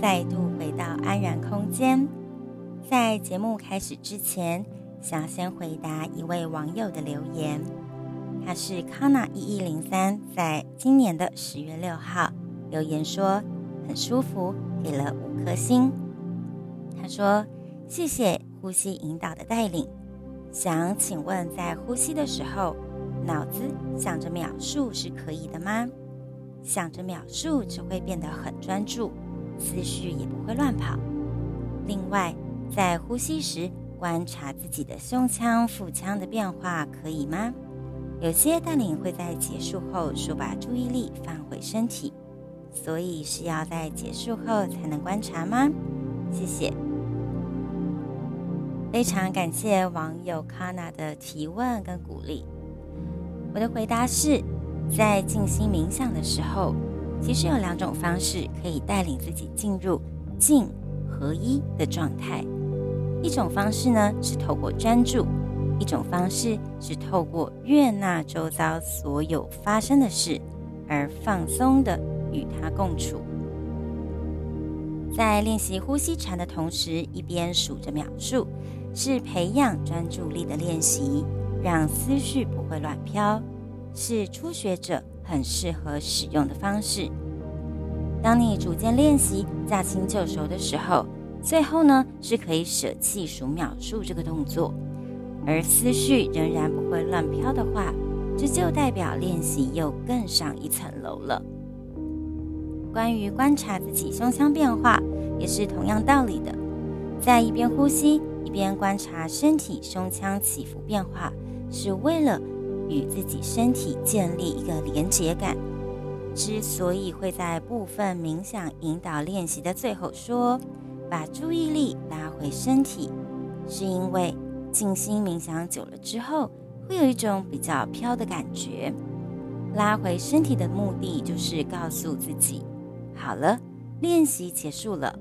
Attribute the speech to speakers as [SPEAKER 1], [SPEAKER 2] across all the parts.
[SPEAKER 1] 再度回到安然空間，在節目開始之前，想先回答一位網友的留言。他是康納一一零三，在今年的十月六號留言說很舒服，給了五顆星。他說：“謝謝呼吸引導的帶領。”想請問，在呼吸的時候，腦子想着秒數是可以的嗎？想着秒數就會變得很專注。思緒也不會亂跑。另外，在呼吸時觀察自己的胸腔、腹腔的變化，可以嗎？有些帶領會在結束後說把注意力放回身體，所以是要在結束後才能觀察嗎？謝謝，非常感謝網友康 a 的提問跟鼓勵。我的回答是，在靜心冥想的時候。其實有兩種方式可以帶領自己進入靜合一的狀態，一種方式呢是透過專注，一種方式是透過悅納周遭所有發生的事而放鬆的與它共處。在練習呼吸禪的同時，一邊數着秒數，是培養專注力的練習，讓思緒不會亂飄。是初學者很適合使用的方式。當你逐漸練習駕輕就熟的時候，最後呢是可以捨棄數秒數這個動作，而思緒仍然不會亂飄的話，這就，就代表練習又更上一層樓了。關於觀察自己胸腔變化，也是同樣道理的，在一邊呼吸一邊觀察身體胸腔起伏變化，是為了，與自己身體建立一個連接感。之所以會在部分冥想引導練習的最後說，把注意力拉回身體，是因為靜心冥想久了之後，會有一種比較飄的感覺。拉回身體的目的，就是告訴自己，好了，練習結束了，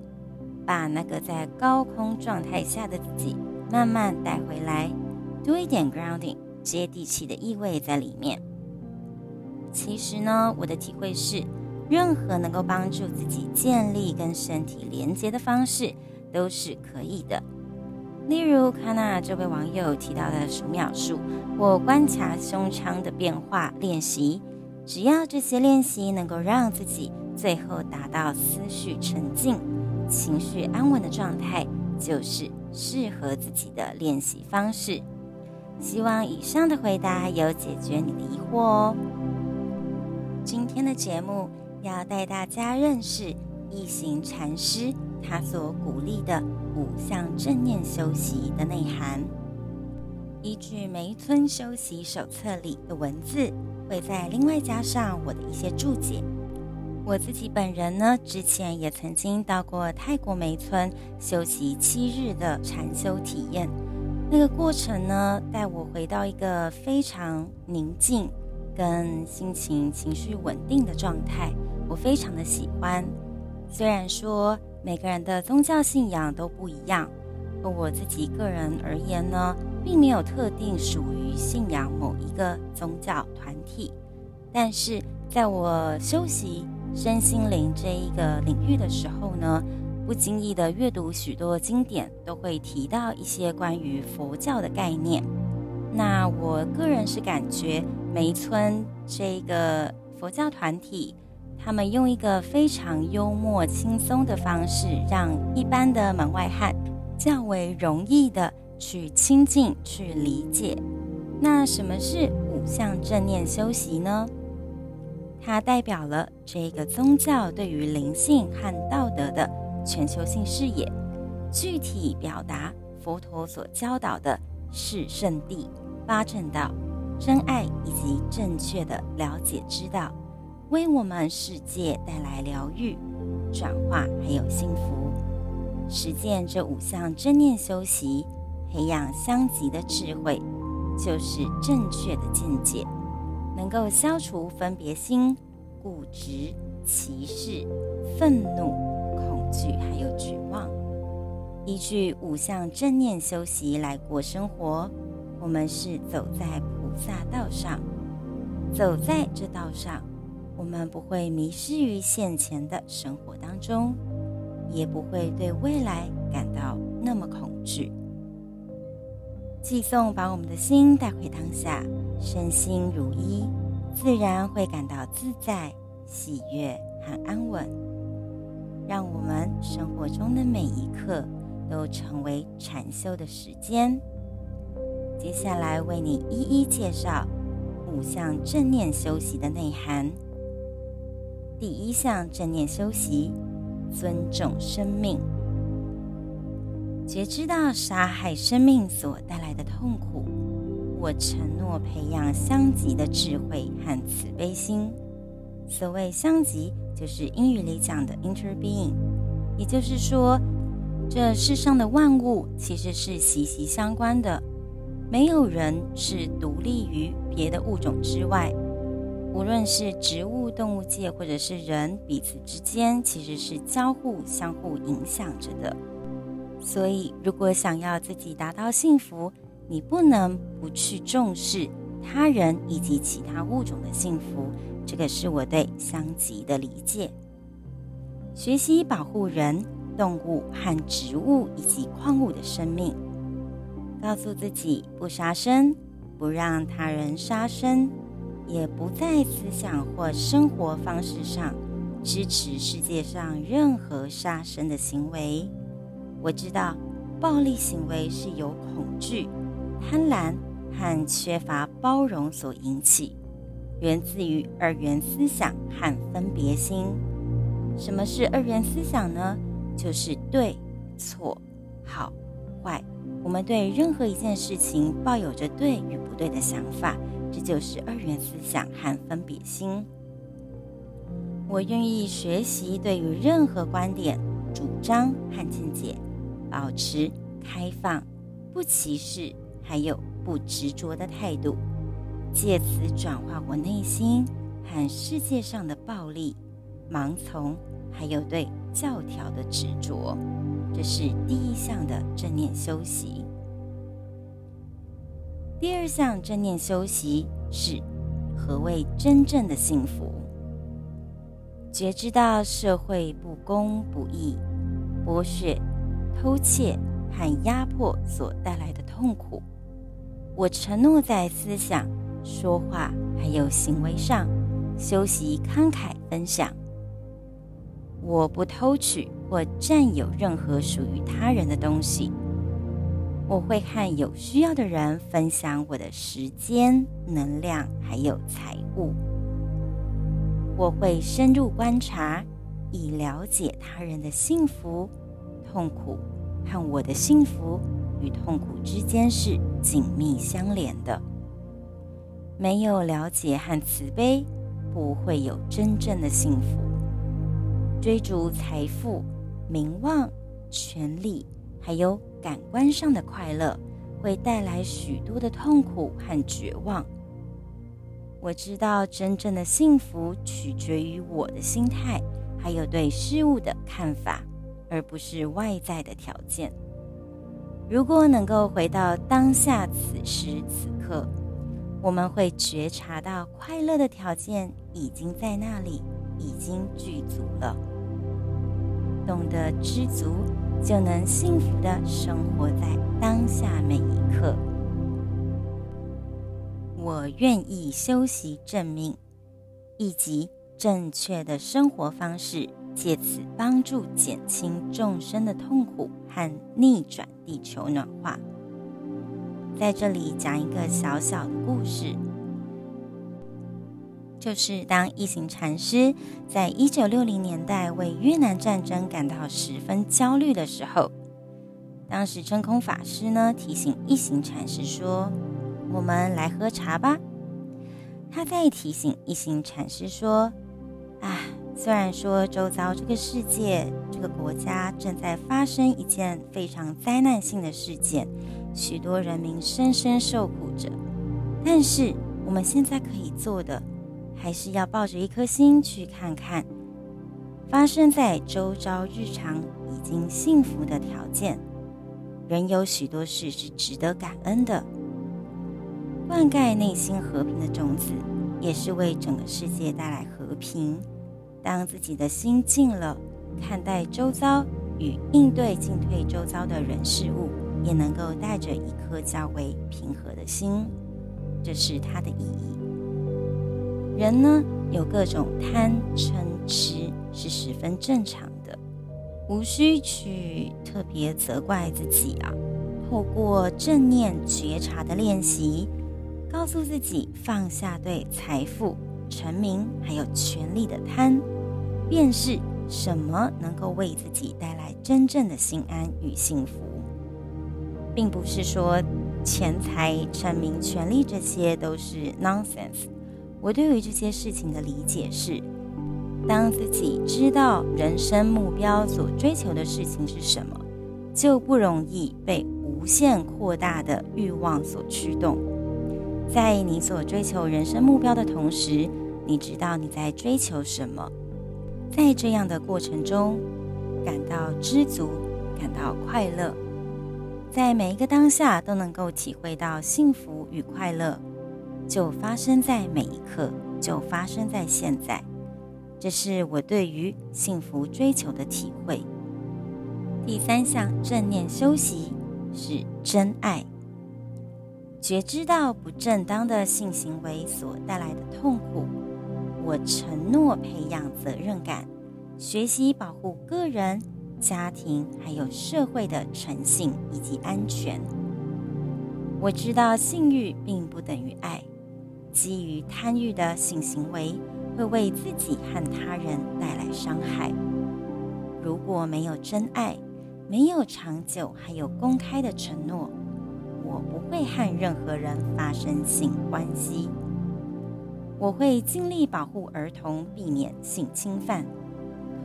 [SPEAKER 1] 把那個在高空狀態下的自己慢慢帶回來，多一點 grounding。接地氣的意味在裡面。其實呢，我的體會是，任何能夠幫助自己建立跟身體連接的方式都是可以的。例如，卡納這位網友提到的數秒數或觀察胸腔的變化練習，只要這些練習能夠讓自己最後達到思緒沉靜、情緒安穩的狀態，就是適合自己的練習方式。希望以上的回答有解決你的疑惑哦。今天的節目要帶大家認識一行禪師，他所鼓勵的五項正念修習的內涵。依據梅村修習手冊裡的文字，會再另外加上我的一些注解。我自己本人呢，之前也曾經到過泰國梅村修習七日的禪修體驗。那個過程呢，帶我回到一個非常寧靜、跟心情、情緒穩定的狀態，我非常的喜歡。雖然說每個人的宗教信仰都不一樣，和我自己個人而言呢，並沒有特定屬於信仰某一個宗教團體，但是在我修習身心靈這一個領域的時候呢，不經意的閱讀許多經典，都會提到一些關於佛教的概念。那我個人是感覺梅村這個佛教團體，他們用一個非常幽默輕鬆的方式，讓一般的門外漢較為容易的去親近、去理解。那什麼是五項正念修習呢？它代表了這個宗教對於靈性和道德的。全球性視野，具體表達佛陀所教導的四聖諦、八正道、真愛以及正確的了解之道，為我們世界帶來療癒、轉化還有幸福。實踐這五項正念修習，培養相即的智慧，就是正確的境界，能夠消除分別心、固執、歧視、憤怒。懼還有絕望，依據五項正念修習來過生活，我們是走在菩薩道上。走在這道上，我們不會迷失於現前的生活當中，也不會對未來感到那麼恐懼。寄送把我們的心帶回當下，身心如一，自然會感到自在、喜悅和安穩。讓我們生活中的每一刻都成為禪修的時間。接下來為你一一介紹五項正念修習的內涵。第一項正念修習：尊重生命，覺知到殺害生命所帶來的痛苦。我承諾培養相即的智慧和慈悲心。所謂相即，就是英語裡講的 interbeing，也就是說，這世上的萬物其實是息息相關的，沒有人是獨立於別的物種之外。無論是植物、動物界，或者是人，彼此之間其實是交互、相互影響着的。所以，如果想要自己達到幸福，你不能不去重視他人以及其他物種的幸福。這個是我對相即的理解。學習保護人、動物和植物以及礦物的生命，告訴自己不殺生，不讓他人殺生，也不在思想或生活方式上支持世界上任何殺生的行為。我知道，暴力行為是由恐懼、貪婪和缺乏包容所引起。源自於二元思想和分別心。什麼是二元思想呢？就是對錯、好壞。我們對任何一件事情抱有着對與不對的想法，這就是二元思想和分別心。我願意學習對於任何觀點、主張和見解，保持開放、不歧視，還有不執着的態度。借此轉化我內心和世界上的暴力、盲從，還有對教條的執着這是第一項的正念修習。第二項正念修習是何謂真正的幸福？覺知到社會不公不義、剝削、偷竊和壓迫所帶來的痛苦。我承諾在思想。說話還有行為上，修習慷慨分享。我不偷取或佔有任何屬於他人的東西。我會和有需要的人分享我的時間、能量還有財物。我會深入觀察，以了解他人的幸福、痛苦，和我的幸福與痛苦之間是緊密相連的。沒有了解和慈悲，不會有真正的幸福。追逐財富、名望、權力，還有感官上的快樂，會帶來許多的痛苦和絕望。我知道，真正的幸福取決於我的心態，還有對事物的看法，而不是外在的條件。如果能夠回到當下，此時此刻。我們會覺察到快樂的條件已經在那裡，已經具足了。懂得知足，就能幸福地生活在當下每一刻。我願意修習正命，以及正確的生活方式，借此幫助減輕眾生的痛苦和逆轉地球暖化。在這裡講一個小小的故事，就是當一行禪師在一九六零年代為越南戰爭感到十分焦慮的時候，當時真空法師呢提醒一行禪師說：“我們來喝茶吧。”他在提醒一行禪師說：“啊，雖然說周遭這個世界、這個國家正在發生一件非常災難性的事件。”許多人民深深受苦着，但是我們現在可以做的，還是要抱着一顆心去看看，發生在周遭日常已經幸福的條件，仍有許多事是值得感恩的。灌溉內心和平的種子，也是為整個世界帶來和平。當自己的心靜了，看待周遭與應對進退周遭的人事物。也能夠帶着一顆較為平和的心，這是它的意義。人呢，有各種貪嗔癡是十分正常的，無需去特別責怪自己啊。透過正念覺察的練習，告訴自己放下對財富、成名還有權力的貪，辨識什麼能夠為自己帶來真正的心安與幸福。並不是說錢財、成名、權利這些都是 nonsense。我對於這些事情的理解是：當自己知道人生目標所追求的事情是什麼，就不容易被無限擴大的慾望所驅動。在你所追求人生目標的同時，你知道你在追求什麼，在這樣的過程中，感到知足，感到快樂。在每一個當下都能夠體會到幸福與快樂，就發生在每一刻，就發生在現在。這是我對於幸福追求的體會。第三項正念修習是真愛，覺知到不正當的性行為所帶來的痛苦。我承諾培養責任感，學習保護個人。家庭還有社會的誠信以及安全。我知道性欲並不等於愛，基於貪欲的性行為會為自己和他人帶來傷害。如果沒有真愛，沒有長久還有公開的承諾，我不會和任何人發生性關係。我會盡力保護兒童，避免性侵犯。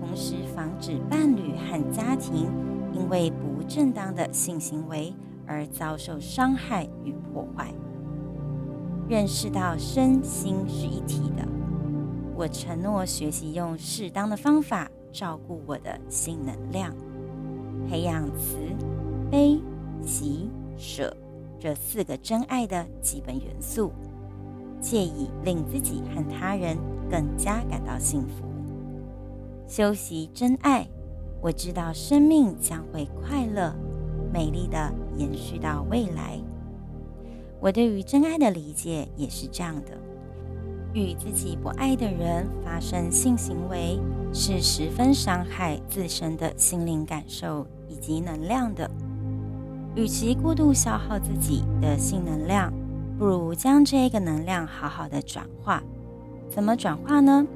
[SPEAKER 1] 同時防止伴侶和家庭因為不正當的性行為而遭受傷害與破壞。認識到身心是一體的，我承諾學習用適當的方法照顧我的性能量，培養慈悲、喜捨這四個真愛的基本元素，借以令自己和他人更加感到幸福。修習真愛，我知道生命將會快樂、美麗的延續到未來。我對於真愛的理解也是這樣的，與自己不愛的人發生性行為，是十分傷害自身的心靈感受以及能量的。與其過度消耗自己的性能量，不如將這個能量好好的轉化。怎麼轉化呢？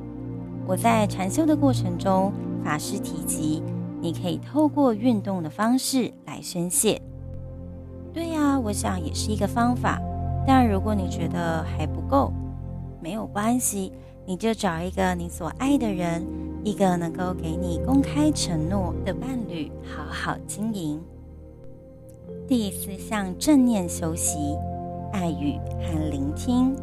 [SPEAKER 1] 我在禪修的過程中，法師提及你可以透過運動的方式來宣泄。對呀、啊，我想也是一個方法。但如果你覺得還不夠，沒有關係，你就找一個你所愛的人，一個能夠給你公開承諾的伴侶，好好經營。第四項正念修習：愛語和聆聽。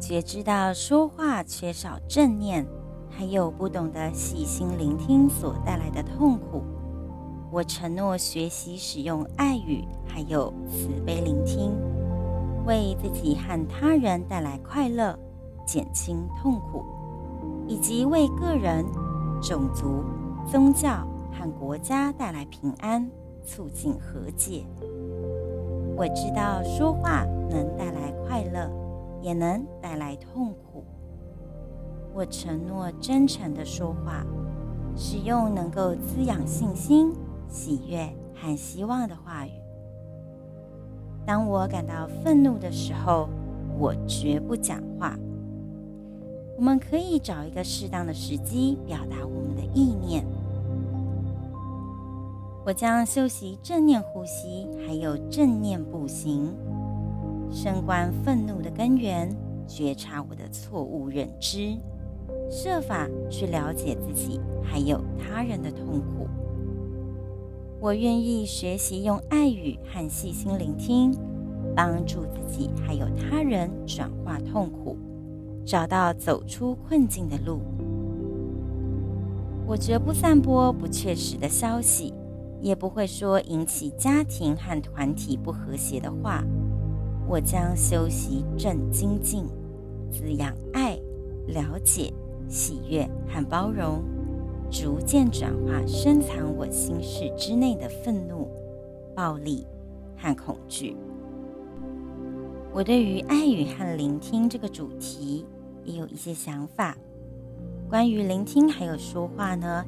[SPEAKER 1] 覺知到說話缺少正念，還有不懂得細心聆聽所帶來的痛苦。我承諾學習使用愛語，還有慈悲聆聽，為自己和他人帶來快樂，減輕痛苦，以及為個人、種族、宗教和國家帶來平安，促進和解。我知道說話能帶來快樂。也能帶來痛苦。我承諾真誠地說話，使用能夠滋養信心、喜悅和希望的話語。當我感到憤怒的時候，我絕不講話。我們可以找一個適當的時機表達我們的意念。我將修習正念呼吸，還有正念步行。深觀憤怒的根源，覺察我的錯誤認知，設法去了解自己還有他人的痛苦。我願意學習用愛語和細心聆聽，幫助自己還有他人轉化痛苦，找到走出困境的路。我絕不散播不確實的消息，也不會說引起家庭和團體不和諧的話。我將修習正精進，滋養愛、了解、喜悅和包容，逐漸轉化深藏我心事之內的憤怒、暴力和恐懼。我對於愛語和聆聽這個主題也有一些想法。關於聆聽還有說話呢，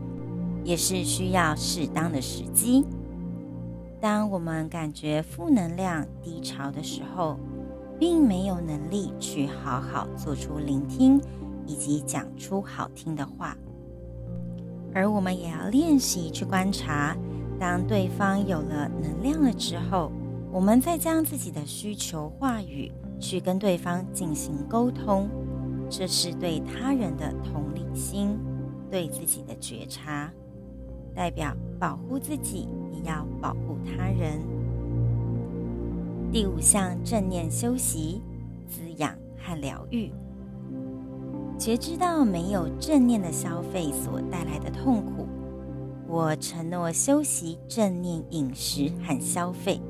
[SPEAKER 1] 也是需要適當的時機。當我們感覺負能量低潮的時候，並沒有能力去好好做出聆聽以及講出好聽的話，而我們也要練習去觀察，當對方有了能量了之後，我們再將自己的需求話語去跟對方進行溝通，這是對他人的同理心，對自己的覺察，代表保護自己。要保護他人。第五項正念修習滋養和療癒，覺知到沒有正念的消費所帶來的痛苦。我承諾修習正念飲食和消費，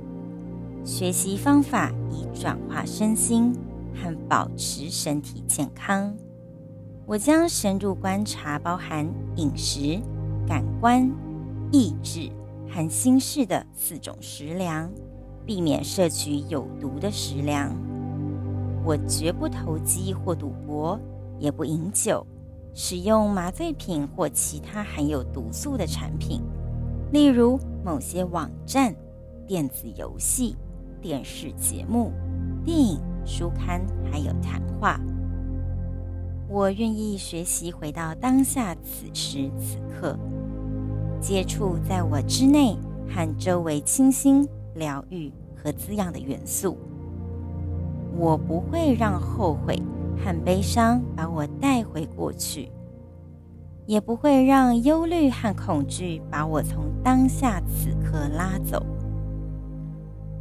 [SPEAKER 1] 學習方法以轉化身心和保持身體健康。我將深入觀察，包含飲食、感官、意志。和心識的四種食糧，避免攝取有毒的食糧。我絕不投機或賭博，也不飲酒，使用麻醉品或其他含有毒素的產品，例如某些網站、電子遊戲、電視節目、電影、書刊，還有談話。我願意學習回到當下，此時此刻。接觸在我之內和周圍清新、療癒和滋養的元素。我不會讓後悔和悲傷把我帶回過去，也不會讓憂慮和恐懼把我從當下此刻拉走。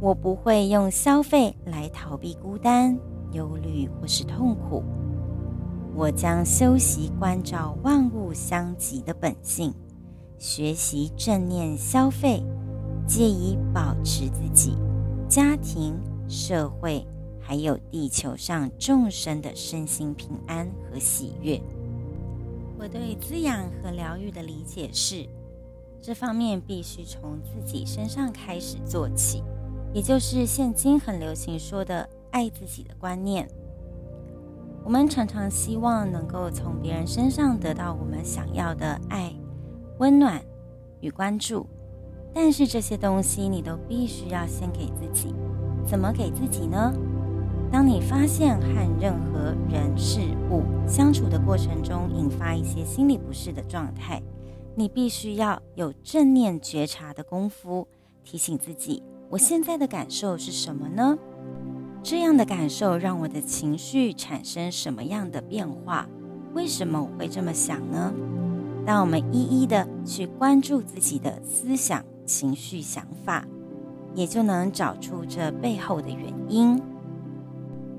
[SPEAKER 1] 我不會用消費來逃避孤單、憂慮或是痛苦。我將修習觀照萬物相即的本性，學習正念消費，借以保持自己、家庭、社會，還有地球上眾生的身心平安和喜悅。我對滋養和療癒的理解是，這方面必須從自己身上開始做起，也就是現今很流行說的“愛自己的”觀念。我們常常希望能夠從別人身上得到我們想要的愛。溫暖與關注，但是這些東西你都必須要先給自己。怎麼給自己呢？當你發現和任何人事物相處的過程中引發一些心理不適的狀態，你必須要有正念覺察的功夫，提醒自己：我現在的感受是什麼呢？這樣的感受讓我的情緒產生什麼樣的變化？為什麼我會這麼想呢？當我們一一的去關注自己的思想、情緒、想法，也就能找出這背後的原因。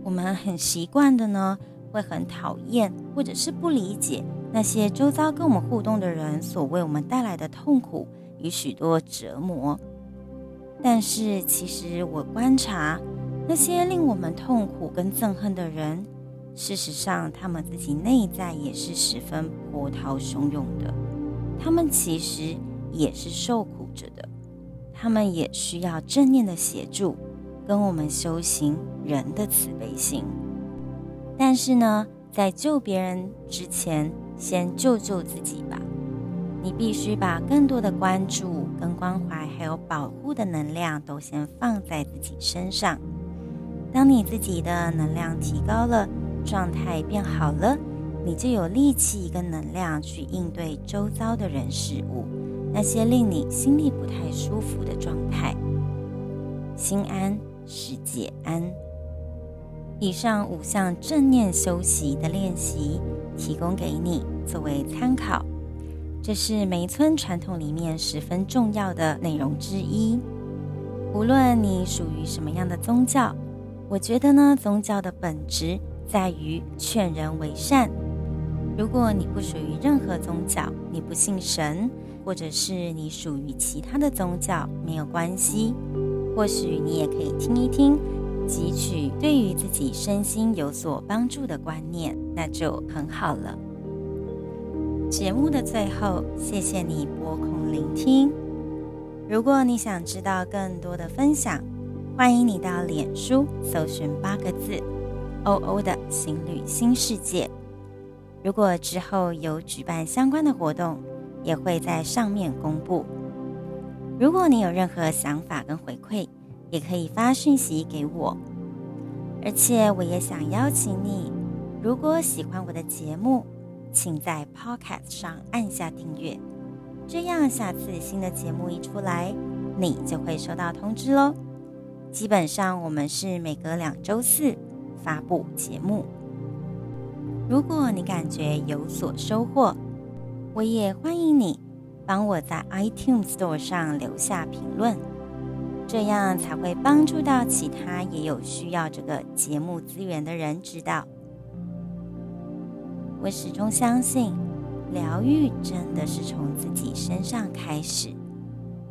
[SPEAKER 1] 我們很習慣的呢，會很討厭或者是不理解那些周遭跟我們互動的人所為我們帶來的痛苦與許多折磨。但是，其實我觀察那些令我們痛苦跟憎恨的人。事實上，他們自己內在也是十分波濤洶湧的。他們其實也是受苦着的，他們也需要正念的協助，跟我們修行人的慈悲心。但是呢，在救別人之前，先救救自己吧。你必須把更多的關注、跟關懷，還有保護的能量，都先放在自己身上。當你自己的能量提高了，狀態變好了，你就有力氣跟能量去應對周遭的人事物，那些令你心裡不太舒服的狀態。心安，世界安。以上五項正念修習的練習提供給你作為參考，這是梅村傳統裡面十分重要的內容之一。無論你屬於什麼樣的宗教，我覺得呢，宗教的本質，在於勸人為善。如果你不屬於任何宗教，你不信神，或者是你屬於其他的宗教，沒有關係。或許你也可以聽一聽，汲取對於自己身心有所幫助的觀念，那就很好了。節目的最後，謝謝你撥空聆聽。如果你想知道更多的分享，歡迎你到臉書搜尋八個字。O.O 的心旅新世界，如果之後有舉辦相關的活動，也會在上面公布。如果你有任何想法跟回饋，也可以發訊息給我。而且我也想邀請你，如果喜歡我的節目，請在 Podcast 上按下訂閱，這樣下次新的節目一出來，你就會收到通知嘍。基本上我們是每隔兩周四。發布節目。如果你感覺有所收穫，我也歡迎你幫我在 iTunes Store 上留下評論，這樣才會幫助到其他也有需要這個節目資源的人知道。我始終相信，療癒真的是從自己身上開始。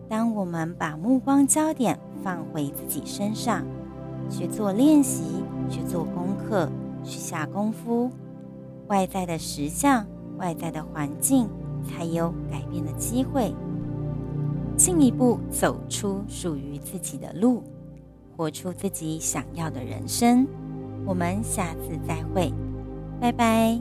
[SPEAKER 1] 當我們把目光焦點放回自己身上，去做練習，去做功課，去下功夫，外在的實相，外在的環境才有改變的機會，進一步走出屬於自己的路，活出自己想要的人生。我們下次再會，拜拜。